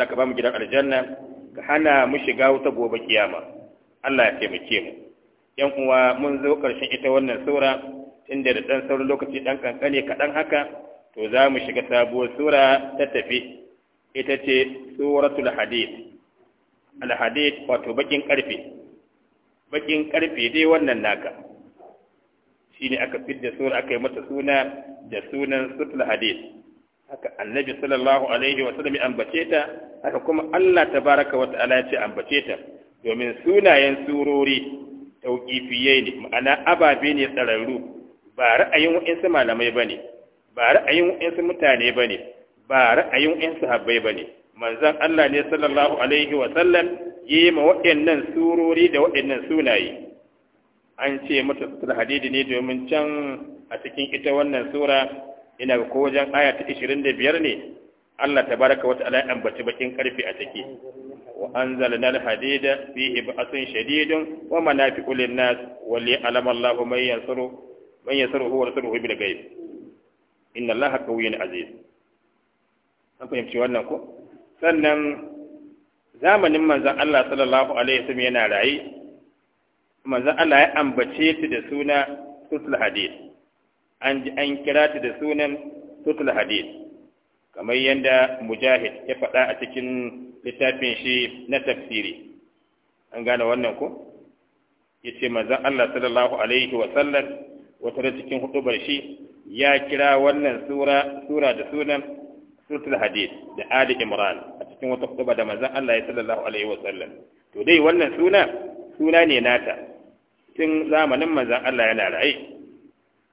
Allah ka ba mu gidan aljanna ka hana mu shiga wuta gobe kiyama Allah ya taimake mu yan uwa mun zo karshen ita wannan sura inda da dan sauran lokaci dan kankane kaɗan haka to za mu shiga sabuwar sura ta tafi ita ce suratul hadid al hadid wato bakin karfe bakin karfe dai wannan naka shine aka fidda sura aka yi mata suna da sunan suratul hadid haka annabi sallallahu alaihi wa sallam ambace ta haka kuma Allah tabaraka wa ta'ala ya ce ambace ta domin sunayen surori tauqifiyye ne ma'ana ababe ne tsararru ba ra'ayin wa'ansu malamai bane ba ra'ayin wa'ansu mutane bane ba ra'ayin wa'ansu habbai bane manzon Allah ne sallallahu alaihi wa sallam yayi ma waɗannan surori da wa'annan sunaye an ce mata hadidi ne domin can a cikin ita wannan sura ina ga ko wajen aya ta 25 ne Allah tabaraka wa ta'ala ya ambaci bakin karfi a take wa anzalna al-hadida fihi ba'sun shadidun wa manafi'u lin-nas wa li'alama Allahu man yansuru man yansuruhu huwa rasuluhu bil ghaib inna Allaha qawiyyun aziz an fahimci wannan ko sannan zamanin manzon Allah sallallahu alaihi wasallam yana rayi manzon Allah ya ambace ta da suna usul hadith an kira ta da sunan tutul hadis kamar yadda mujahid ya faɗa a cikin littafin shi na tafsiri an gane wannan ko ya ce manzan Allah sallallahu alaihi wa wasallam wata da cikin hudubar shi ya kira wannan sura sura da sunan suratul hadid da ali imran a cikin wata hudubar da manzan Allah ya sallallahu alaihi wa wasallam to dai wannan suna suna ne nata tun zamanin manzan Allah yana ra'ayi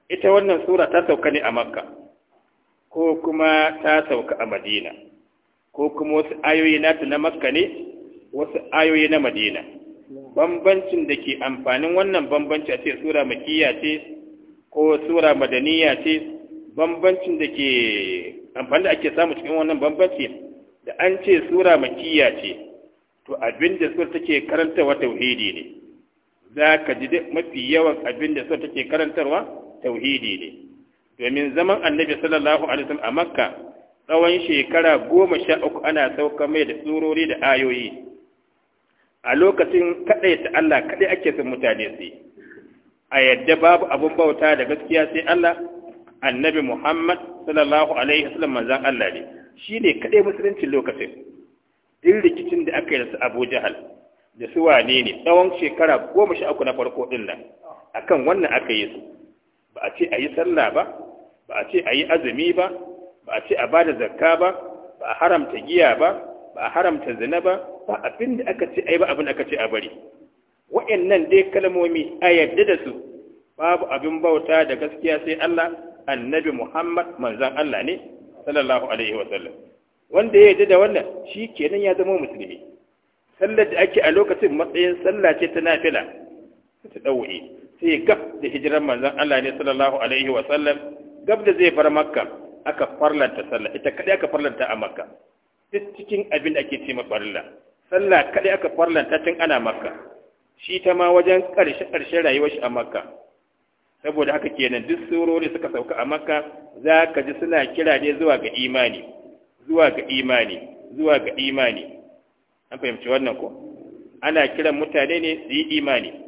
ita wannan sura ta sauka ne a makka ko kuma ta sauka a madina ko kuma wasu ayoyi nata na makka ne wasu ayoyi na madina bambancin da ke amfanin wannan bambanci a ce sura makiyya ce ko sura madaniya ce bambancin da ke amfani da ake samu cikin wannan bambanci da an ce sura makiyya ce to abin da sura take wa tauhidi ne za ka ji mafi yawan abin da sura take karantarwa tauhidi ne domin zaman annabi sallallahu alaihi wasallam a makka tsawon shekara goma sha uku ana sauka mai da tsurori da ayoyi a lokacin kaɗai ta Allah kaɗai ake son mutane su a yadda babu abun bauta da gaskiya sai Allah annabi Muhammad sallallahu alaihi wasallam manzon Allah ne shi ne kaɗai musuluncin lokacin din rikicin da aka yi da su Abu Jahal da su wane ne tsawon shekara goma sha uku na farko ɗin nan akan wannan aka yi su ba a ce a yi sallah ba ba a ce a yi azumi ba ba a ce a ba da zakka ba ba a haramta giya ba ba a haramta zina ba ba abin da aka ce a yi ba abin aka ce a bari wayannan dai kalmomi a yarda da su babu abin bauta da gaskiya sai Allah annabi Muhammad manzon Allah ne sallallahu alaihi wa sallam wanda ya yarda da wannan shi kenan ya zama musulmi sallar da ake a lokacin matsayin sallah ce ta nafila ta dawo'i sai gab da hijirar manzon Allah ne sallallahu alaihi wa sallam gab da zai bar makka aka farlanta sallah ita kadai aka farlanta a makka duk cikin abin da ake ce ma farilla sallah kadai aka farlanta tun ana makka shi ta ma wajen karshe karshe rayuwar shi a makka saboda haka kenan duk surori suka sauka a makka za ka ji suna kira ne zuwa ga imani zuwa ga imani zuwa ga imani an fahimci wannan ko ana kiran mutane ne su yi imani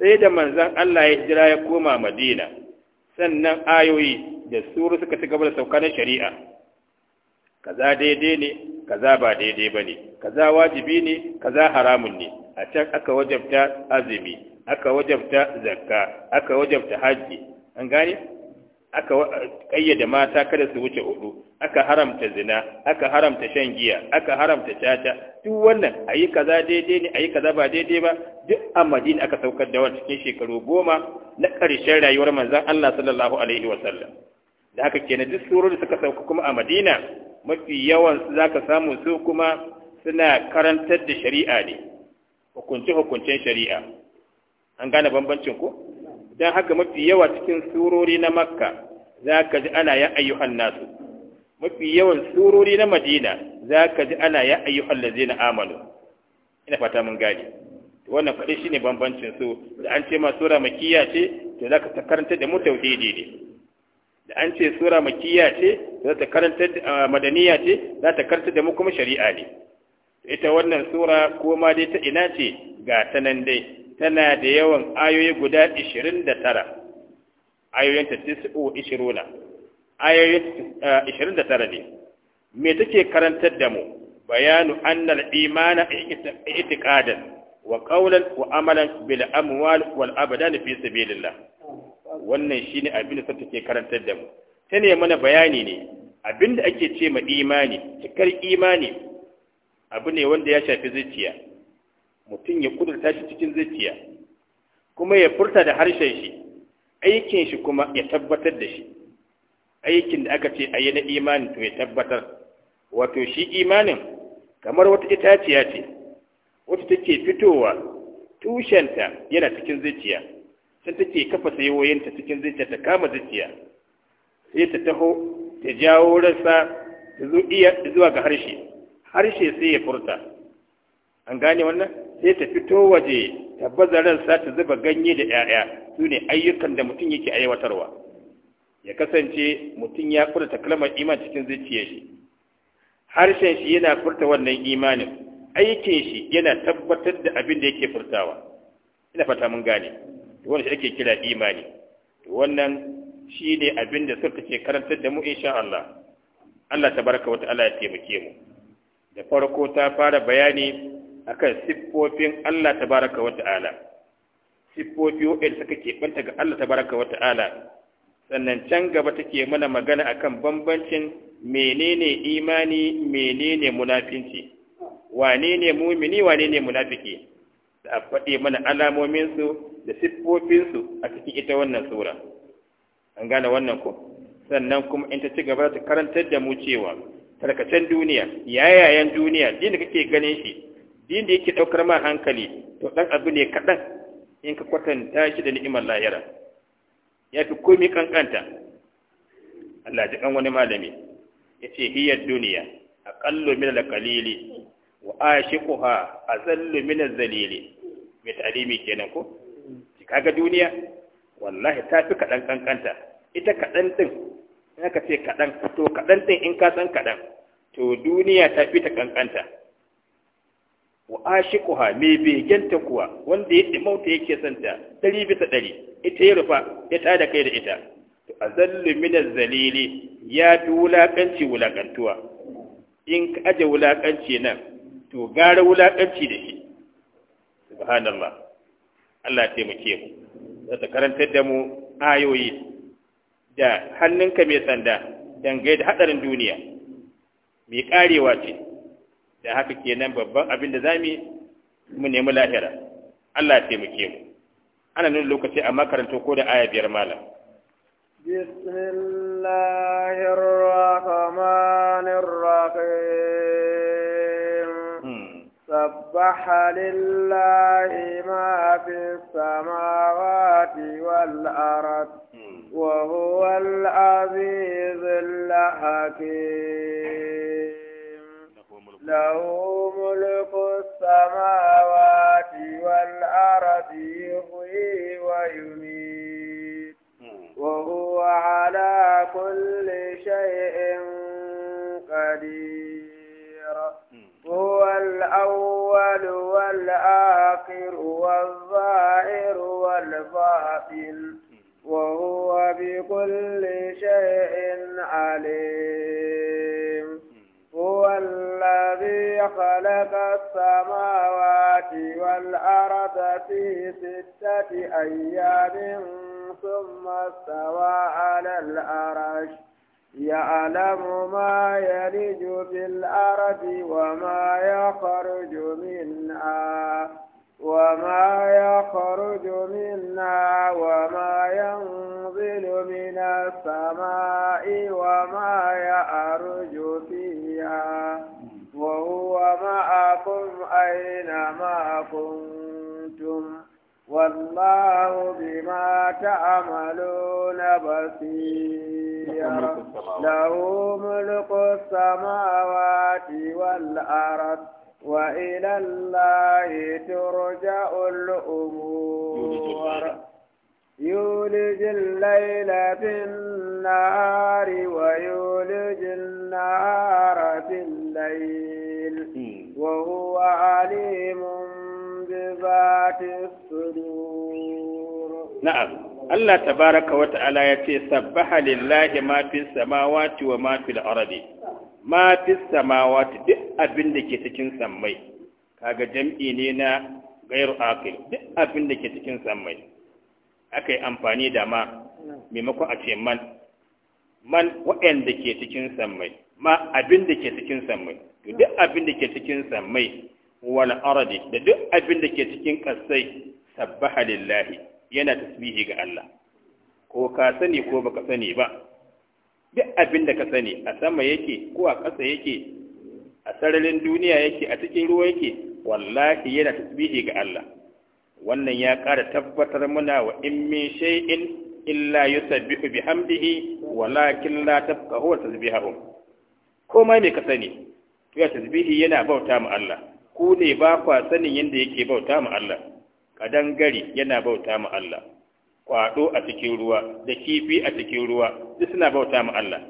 sai da manzan Allah ya jira ya koma madina sannan ayoyi da suru suka ci gaba da sauka shari'a kaza daidai ne kaza ba daidai ba ne kaza wajibi ne kaza haramun ne a can aka wajabta azumi aka wajabta zakka aka wajabta hajji an gane aka kayyada mata kada su wuce hudu aka haramta zina aka haramta shan giya aka haramta caca duk wannan ayi kaza daidai ne ayi kaza ba daidai ba duk a Madina aka saukar da wannan cikin shekaru goma na ƙarshen rayuwar manzon Allah sallallahu alaihi sallam da haka kenan duk surori suka sauka kuma a Madina mafi yawan za zaka samu su kuma suna karantar da shari'a ne hukunce hukuncen shari'a an gane bambancin ko dan haka mafi yawa cikin surori na makka za ka ji ana ya ayyuhan nasu mafi yawan surori na madina za ka ji ana ya ayyuhan na amalu ina fata mun gane wannan faɗi shine bambancin su da an ce ma sura Makiya ce to za ka karanta da mu tauhidi ne da an ce sura Makiya ce za ta karanta ah, madaniya ce za ta karanta da mu kuma shari'a ne ita wannan sura ko ma dai ta ina ce ga ta nan dai tana da yawan ayoyi guda 29 ayoyin ta tis'u ishiruna ayoyin 29 eh, ne me take karantar da mu bayanu annal imana i'tiqadan wa qawlan wa amalan bil amwal wal abdan fi sabilillah wannan shine abin da take karantar da mu ta ne mana bayani ne Abinda ake ce ma imani cikar imani abu ne wanda ya shafi zuciya mutum ya kudurta shi cikin zuciya kuma ya furta da harshen shi aikin shi kuma ya tabbatar da shi aikin da aka ce a yi na imanin to ya tabbatar wato shi imanin kamar wata itaciya ce wata take fitowa tushenta yana cikin zuciya sai take kafa sayoyinta cikin zuciya ta kama zuciya sai ta taho ta jawo rasa zuwa ga harshe harshe sai ya furta an gane wannan sai ta fito waje ta baza ransa ta zuba ganye da 'ya'ya su ne ayyukan da mutum yake aiwatarwa ya kasance mutum ya ta kalmar iman cikin zuciyar shi harshen shi yana furta wannan imanin aikin shi yana tabbatar da abin da yake furtawa ina fata mun gane wannan shi ake kira imani wannan shi ne abin da suka ke karantar da mu insha Allah Allah tabaraka wa ta'ala ya taimake mu da farko ta fara bayani akan siffofin Allah tabaraka wa ta'ala siffofi waɗanda suka keɓanta ga Allah tabaraka wa ta'ala sannan can gaba take mana magana akan bambancin menene imani menene munafinci wane ne mumini wane ne munafiki da a faɗe mana alamominsu da siffofinsu a cikin ita wannan sura an gane wannan ko sannan kuma in ta ci gaba ta karantar da mu cewa tarkacen duniya yayayen duniya din da kake ganin shi din da yake daukar ma hankali to dan abu ne kadan in ka kwatanta shi da ni'imar lahira ya fi komai kankanta Allah ji kan wani malami yace hiya duniya aqallu min al-qalili wa ashiquha azallu min az-zalili mai ta'limi kenan ko kaga duniya wallahi ta fi kadan kankanta ita kadan din in ka ce kadan to kadan din in ka san kadan to duniya ta fi ta kankanta wa ashiquha mai begenta kuwa wanda ya mauta yake santa ɗari bisa ɗari ita ya rufa ya tada kai da ita to azallu min zalili ya fi wulakanci wulakantuwa in ka aje wulakanci nan to gara wulakanci da shi subhanallah Allah ya taimake mu za ta karantar da mu ayoyi da hannunka mai sanda dangane da hadarin duniya mai karewa ce da haka kenan babban abin da za mu nemi lahira Allah ya taimake mu ana nuna lokaci a makaranta ko da aya biyar malam bismillahir rahmanir rahim hmm. sabbaha lillahi ma fis samawati wal ard hmm. wa huwal hakim له ملك السماوات والأرض يحيي ويميت وهو على كل شيء قدير هو الأول والآخر والظاهر والباطن وهو بكل شيء عليم هو خلق السماوات والأرض في ستة أيام ثم استوى على العرش يعلم ما يلج في الأرض وما يخرج منها وما يخرج منها وما ينزل من السماء وما يعرج فيها وهو معكم أينما كنتم والله بما تعملون بصير له ملك السماوات والأرض وإلى الله ترجع الأمور يولج الليل في النهار ويولج النهار في الليل الليل وهو عليم بذات الصدور نعم الله تبارك وتعالى يتي سبح لله ما في السماوات وما في الأرض ما في السماوات duk abin da ke cikin sammai kaga jam'i ne na gairu aqil duk abin da ke cikin samai, aka yi amfani da ma maimakon a ce man waɗanda ke cikin samai. ma abin da ke cikin sammai to duk abin da ke cikin sammai wani ardi da duk abin da ke cikin kasai sabbaha lillahi yana tasbihi ga Allah ko ka sani ko baka sani ba duk abin da ka sani a sama yake ko a ƙasa yake a sararin duniya yake a cikin ruwa yake wallahi yana tasbihi ga Allah wannan ya ƙara tabbatar muna wa in min shay'in illa yusabbihu bihamdihi walakin la tafqahu tasbihahum komai mai ka sani to ya tasbihi yana bauta ma Allah ku ne ba kwa sanin yanda yake bauta ma Allah kadan gari yana bauta ma Allah kwado a cikin ruwa da kifi a cikin ruwa duk suna bauta ma Allah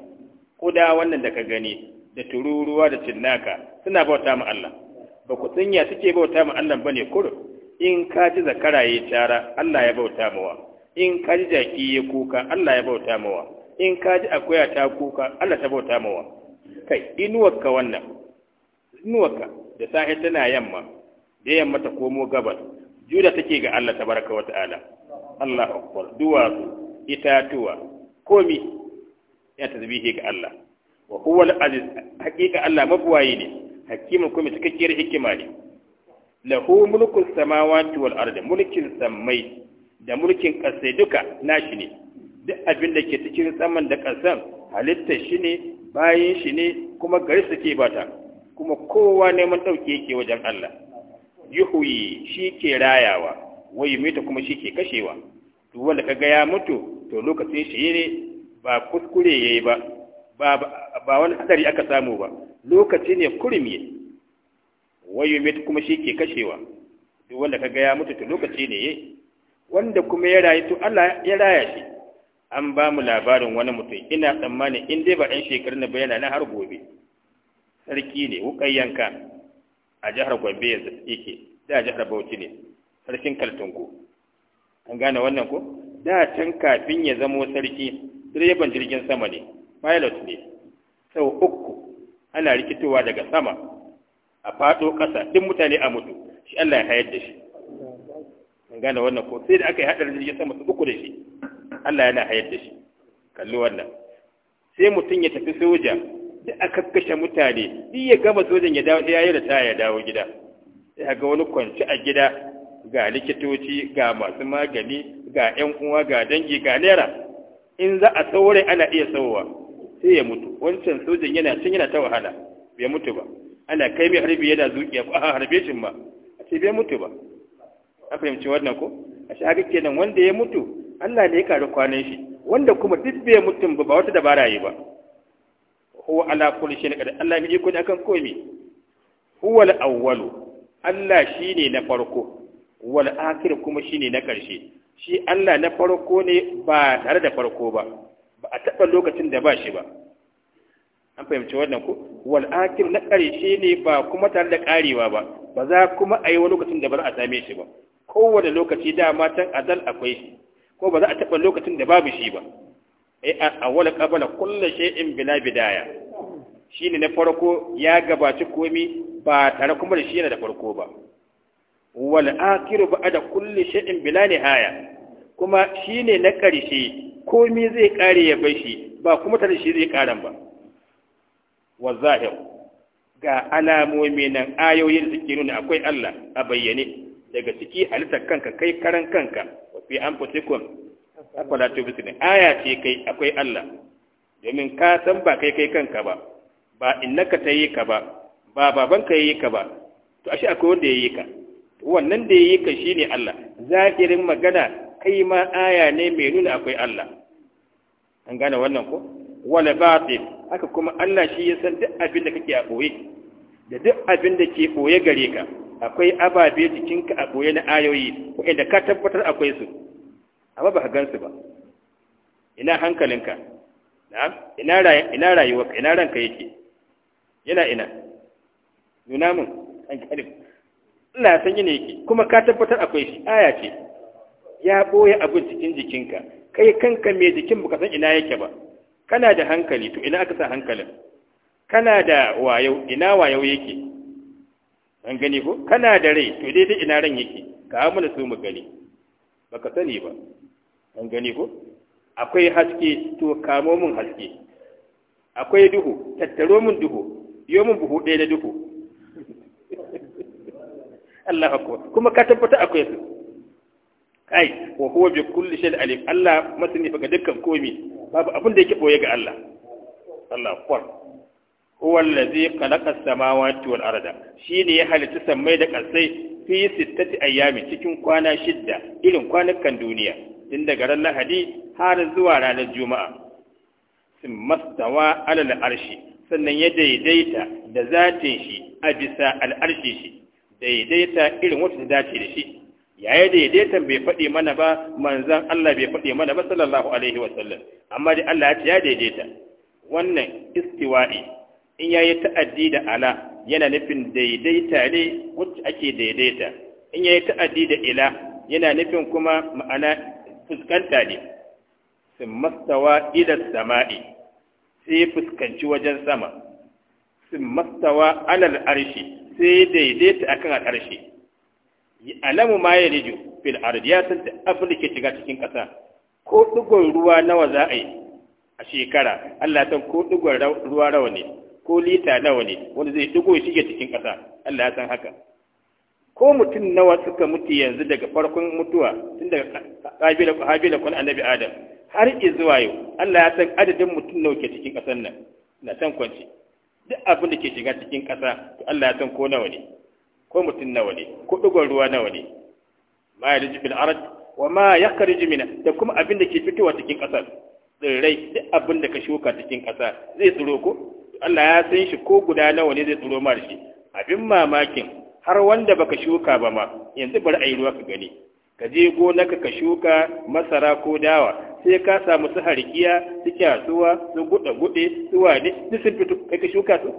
kuda wannan da ka gani da tururuwa da cinnaka suna bauta ma Allah ba ku sanya suke bauta ma Allah bane kur? in ka ji zakara yayi tara Allah ya bauta wa. in ka ji jaki ya kuka Allah ya bauta wa. in ka ji akuya ta kuka Allah ta bauta wa. kai inuwarka wannan inuwarka da safe tana yamma da yamma ta komo gabas juda take ga Allah tabaraka wa ta'ala Allah akbar duwatsu itatuwa komi ya tasbihi ga Allah wa huwa al-aziz hakika Allah mabuwayi ne hakimin kuma cikakkiyar hikima ne lahu mulkul samawati wal ardi mulkin sammai da mulkin ƙasai duka nashi ne duk abin da ke cikin saman da kasan halitta shi ne bayan shi ne kuma gari suke bata kuma kowa neman ɗauke yake wajen Allah yuhuyi shi ke rayawa wai mita kuma shi ke kashewa to wanda kaga ya mutu to lokacin shi ne ba kuskure yayi ba ba wani hadari aka samu ba lokaci ne kurmi wai mita kuma shi ke kashewa to wanda kaga ya mutu to lokaci ne yayi wanda kuma ya rayu to Allah ya raya shi an ba mu labarin wani mutum ina tsammani in dai ba ɗan shekarun na yana na har gobe sarki ne wuƙan yanka a jihar gombe yanzu yake da jihar bauchi ne sarkin kaltungo an gane wannan ko da can kafin ya zamo sarki direban jirgin sama ne pilot ne sau uku ana rikitowa daga sama a faɗo ƙasa duk mutane a mutu shi Allah ya hayar da shi an gane wannan ko sai da aka yi haɗarin jirgin sama su uku da shi Allah yana hayar da shi kalli wannan sai mutum ya tafi soja da aka kashe mutane duk ya gama sojan ya dawo ya yi ritaya ya dawo gida sai ga wani kwanci a gida ga likitoci ga masu magani ga yan uwa ga dangi ga naira in za a saurai ana iya sauwa sai ya mutu wancan sojan yana cin yana ta wahala bai mutu ba ana kai mai harbi yana zuƙiya ko a harbe shi ma a ce bai mutu ba a fahimci wannan ko a shi haka kenan wanda ya mutu Allah ne ya kare kwanan shi wanda kuma duk bai mutum ba wata dabara yi ba huwa ala kulli shay'in qadir Allah mai iko ne akan komai huwa al-awwalu Allah shine na farko wal akhir kuma shine na karshe shi Allah na farko ne ba tare da farko ba ba a taɓa lokacin da ba shi ba an fahimci wannan ku wal akhir na karshe ne ba kuma tare da karewa ba ba za kuma a yi wani lokacin da ba za a same shi ba kowane lokaci dama can azal akwai shi ko ba za a taɓa lokacin da babu shi ba eh, ai a wala qabala kullu shay'in bila bidaya shine na farko ya gabaci komi ba tare kuma da shi yana da farko ba wal akhiru ba'da kulli shay'in bila nihaya kuma shine na ƙarshe komi zai ƙare ya bai shi ba kuma tare shi zai ƙaran ba wa zahir ga alamomi nan ayoyin da suke nuna akwai Allah a bayyane daga ciki halittar kanka kai karan kanka fi to afala tubsirun aya ce kai akwai Allah domin ka san ba kai kai kanka ba ba innaka tayi ka ba ba babanka yayi ka ba to ashe akwai wanda yayi ka wannan da yayi ka shine Allah zahirin magana kai ma aya ne mai nuna akwai Allah an gane wannan ko wala batil haka kuma Allah shi ya san duk abin da kake a boye da duk abin da ke boye gare ka akwai ababe jikinka a boye na ayoyi waɗanda ka tabbatar akwai su amma ba ka gansu ba ina hankalinka ina rayuwarka ina ranka yake yana ina nuna min hankalin Allah san ne yake kuma ka tabbatar akwai shi aya ce ya boye abin cikin jikinka kai kanka mai jikin baka san ina yake ba kana da hankali to ina aka sa hankalin kana da wayo ina wayo yake an gani ko kana da rai to dai dai ina ran yake ka amana so mu gani baka sani ba an gani ko akwai haske to kamo mun haske akwai duhu tattaro mun duhu yo mun buhu ɗaya da duhu Allah akbar kuma ka tabbata akwai su kai wa huwa bi kulli shay'in alim Allah masani fa dukkan komi babu abin da yake boye ga Allah Allah akbar huwa allazi khalaqa as-samawati wal arda shine ya halitta sammai da ƙasai fi sittati ayyami cikin kwana shidda irin kwanukan duniya tun daga ran Lahadi har zuwa ranar Juma'a sun mastawa alal arshi sannan ya daidaita da zatin shi a bisa al'arshi shi daidaita irin wata ta dace da shi yaya daidaita bai faɗi mana ba manzan Allah bai faɗi mana ba sallallahu alaihi sallam, amma dai Allah ya ce ya daidaita wannan istiwa'i in ya yi ta'addi da ala yana nufin daidaita ne wacce ake daidaita in ya yi ta'addi da ila yana nufin kuma ma'ana fuskanta ne sun mastawa idan sama'i sai fuskanci wajen sama sun mastawa alal arshi sai daidaita akan al'arshi alamu ma ya rijo fil ardi ya san ta afirka ke shiga cikin ƙasa ko ɗigon ruwa nawa za a yi a shekara Allah san ko ɗigon ruwa rawa ne ko lita nawa ne wanda zai dugo shi ya cikin ƙasa Allah ya san haka ko mutum nawa suka mutu yanzu daga farkon mutuwa tun daga kabila ko habila ko annabi adam har zuwa yau Allah ya san adadin mutum nawa ke cikin ƙasar nan na san kwanci duk abin da ke shiga cikin ƙasa to Allah ya san ko nawa ne ko mutum nawa ne ko dugon ruwa nawa ne ma ya bil arad wa ma yakhruju minha da kuma abin da ke fitowa cikin ƙasar tsirrai duk abin da ka shuka cikin ƙasa zai tsiro ko Allah ya san shi ko guda nawa ne zai tsoro ma shi abin mamakin har wanda baka shuka ba ma yanzu bari a yi ruwa ka gani ka je gonaka ka shuka masara ko dawa sai ka samu su harkiya su kyasuwa su guda gude su wane su sun fito kai ka shuka su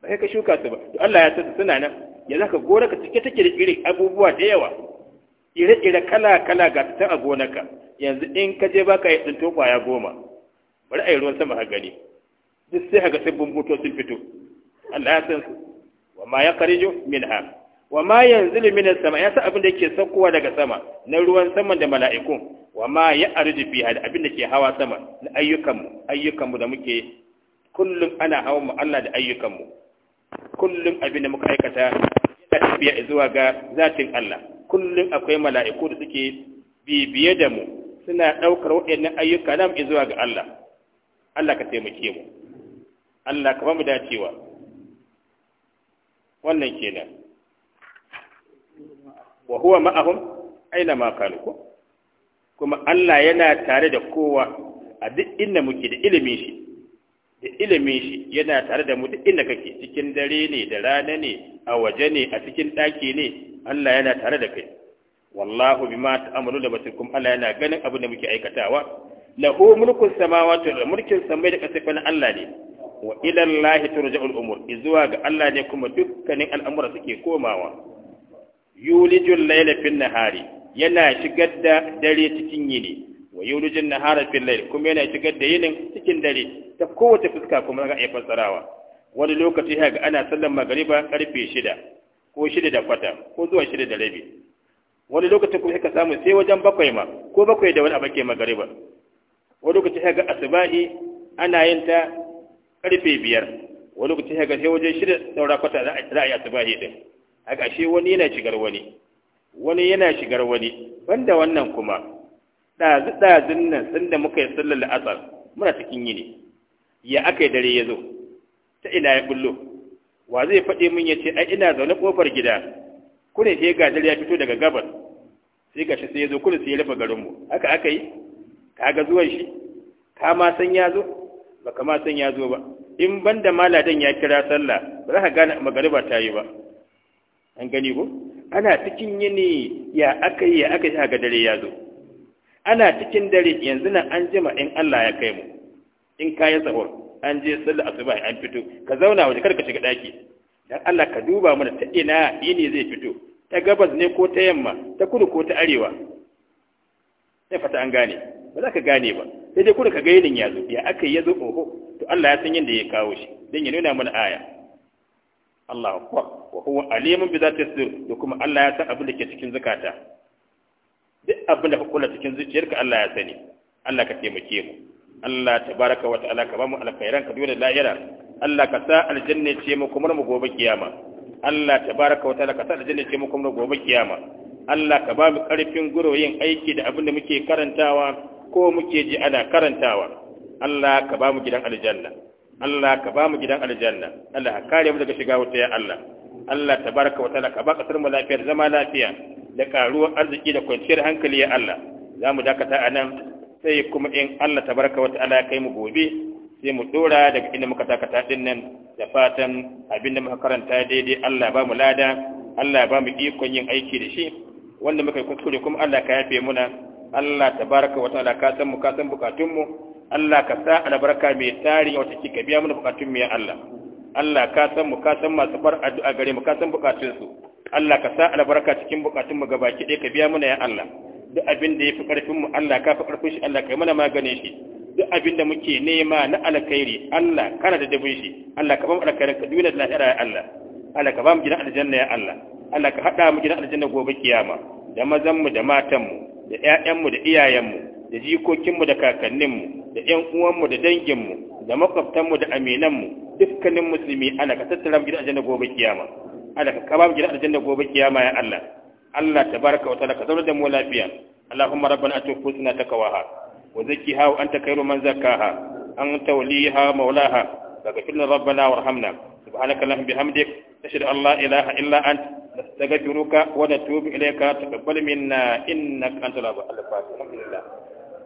ba kai ka shuka su ba to Allah ya san su suna nan yanzu ka gonaka cike take da irin abubuwa da yawa ire-ire kala-kala ga ta a gonaka yanzu in ka je baka yi tsinto kwaya goma bari a yi ruwan sama ka gani duk sai ga sabbin motocin fito Allah ya san su wa ma Min minha wa ma yanzilu minas sama ya sa abin da ke yake saukowa daga sama na ruwan sama da mala'iku wa ma ya'ruju fiha da abin da ke hawa sama na ayyukanmu ayyukanmu da muke kullum ana hawa mu Allah da ayyukanmu kullum abin da muka aikata yana tafiya zuwa ga zatin Allah kullum akwai mala'iku da suke biye-biye da mu suna ɗaukar waɗannan ayyuka nan zuwa ga Allah Allah ka taimake mu Allah kamar mu dacewa wannan kenan wa huwa ma'ahum aina ma kanu ko kuma Allah yana tare da kowa a duk inda muke da ilimin shi da ilimin shi yana tare da mu duk inda kake cikin dare ne da rana ne a waje ne a cikin ɗaki ne Allah yana tare da kai wallahu bima ta'amalu da basirkum Allah yana ganin abin da muke aikatawa lahu mulkun samawati da mulkin samai da kana Allah ne wa ila Allah turja'ul umur zuwa ga Allah ne kuma dukkanin al'amura suke komawa yulijul layla fil nahari yana shigar da dare cikin yini wa yulijul nahara fil layl kuma yana shigar da yinin cikin dare ta kowace fuska kuma ga iya fassarawa wani lokaci ga ana sallan magariba karfe shida ko shida da kwata ko zuwa shida da rabi wani lokacin kuma ka samu sai wajen bakwai ma ko bakwai da wani abake magariba wani lokacin ga asubahi ana yin ta karfe biyar wani lokaci ya sai wajen shirin saura kwata za a yi asubahi ɗin haka shi wani yana shigar wani wani yana shigar wani banda wannan kuma ɗazu-ɗazun nan sun da muka yi sallar la'asar muna cikin yini ya aka yi dare ya zo ta ina ya bullo wa zai faɗi min ya ce ai ina zaune ƙofar gida kune sai ga dare ya fito daga gabas sai ga shi sai ya zo kune sai ya rufe garinmu haka aka yi ka ga zuwan shi ka ma san ya zo ba kama san ya zo ba in banda maladan ya kira sallah ba za ka gane magariba ta yi ba an gani ko ana cikin yini ya aka yi ya aka yi ga dare ya zo ana cikin dare yanzu nan an jima in Allah ya kai mu in ka yi sahur an je sallah asuba an fito ka zauna waje kar ka shiga daki dan Allah ka duba mana ta ina yini zai fito ta gabas ne ko ta yamma ta kudu ko ta arewa sai fata an gane ba za ka gane ba sai dai ka ga yinin ya zo ya aka ya zo oho to Allah ya san yadda ya kawo shi dan ya nuna mana aya Allah akbar wa huwa alimun bi zati sir da kuma Allah ya san abin da ke cikin zakata duk abin da ka kula cikin zuciyarka Allah ya sani Allah ka taimake mu Allah tabaraka wa ta'ala ka ba mu alkhairan ka dole lahira Allah ka sa aljanna ce mu kuma mu gobe kiyama Allah tabaraka wa ta'ala ka sa aljanna ce mu kuma gobe kiyama Allah ka ba mu karfin guroyin aiki da abin da muke karantawa ko muke ji ana karantawa Allah ka ba mu gidan aljanna Allah ka ba mu gidan aljanna Allah kare mu daga shiga wuta ya Allah Allah tabaraka wa ta'ala ka ba kasar mu lafiyar zama lafiya da karuwar arziki da kwanciyar hankali ya Allah za mu dakata a nan sai kuma in Allah tabaraka wa ta'ala kai mu gobe sai mu dora daga inda muka dakata din nan da fatan abinda muka karanta daidai Allah ba mu lada Allah ba mu ikon yin aiki da shi wanda muka yi kuskure kuma Allah ka yafe muna Allah baraka wa ta'ala ka san mu ka san bukatun mu Allah ka sa albarka mai tarin wata ki ka biya mana bukatun mu ya Allah Allah ka san mu ka san masu far addu'a gare mu ka san bukatun su Allah ka sa albarka cikin bukatun mu gabaki ɗaya ka biya mana ya Allah duk abin da yafi karfin mu Allah ka fi karfin shi Allah kai mana maganin shi duk abin da muke nema na alkhairi Allah kana da dabin shi Allah ka ba mu alkhairin ka duniyar lahira ya Allah Allah ka ba mu gidan aljanna ya Allah Allah ka hada mu gidan aljanna gobe kiyama da mazan mu da matan mu da ‘ya'yanmu da iyayenmu da jikokinmu da kakanninmu da ‘yan uwanmu da danginmu da makwabtanmu da aminanmu dukkanin musulmi ana ka tattara mu gidan da gobe kiyama ana ka kaba mu gidan da gobe kiyama ya Allah Allah tabaraka wa ta'ala ka zauna da mu lafiya Allahumma rabbana atina husna takawaha wa zakkiha wa anta khairu man zakkaha anta waliha maulaha فاغفر لنا warhamna subhanaka سبحانك اللهم بحمدك أشهد أن لا إله illa نستغفرك ونتوب إليك تقبل منا إنك أنت الأب الفاتح الحمد لله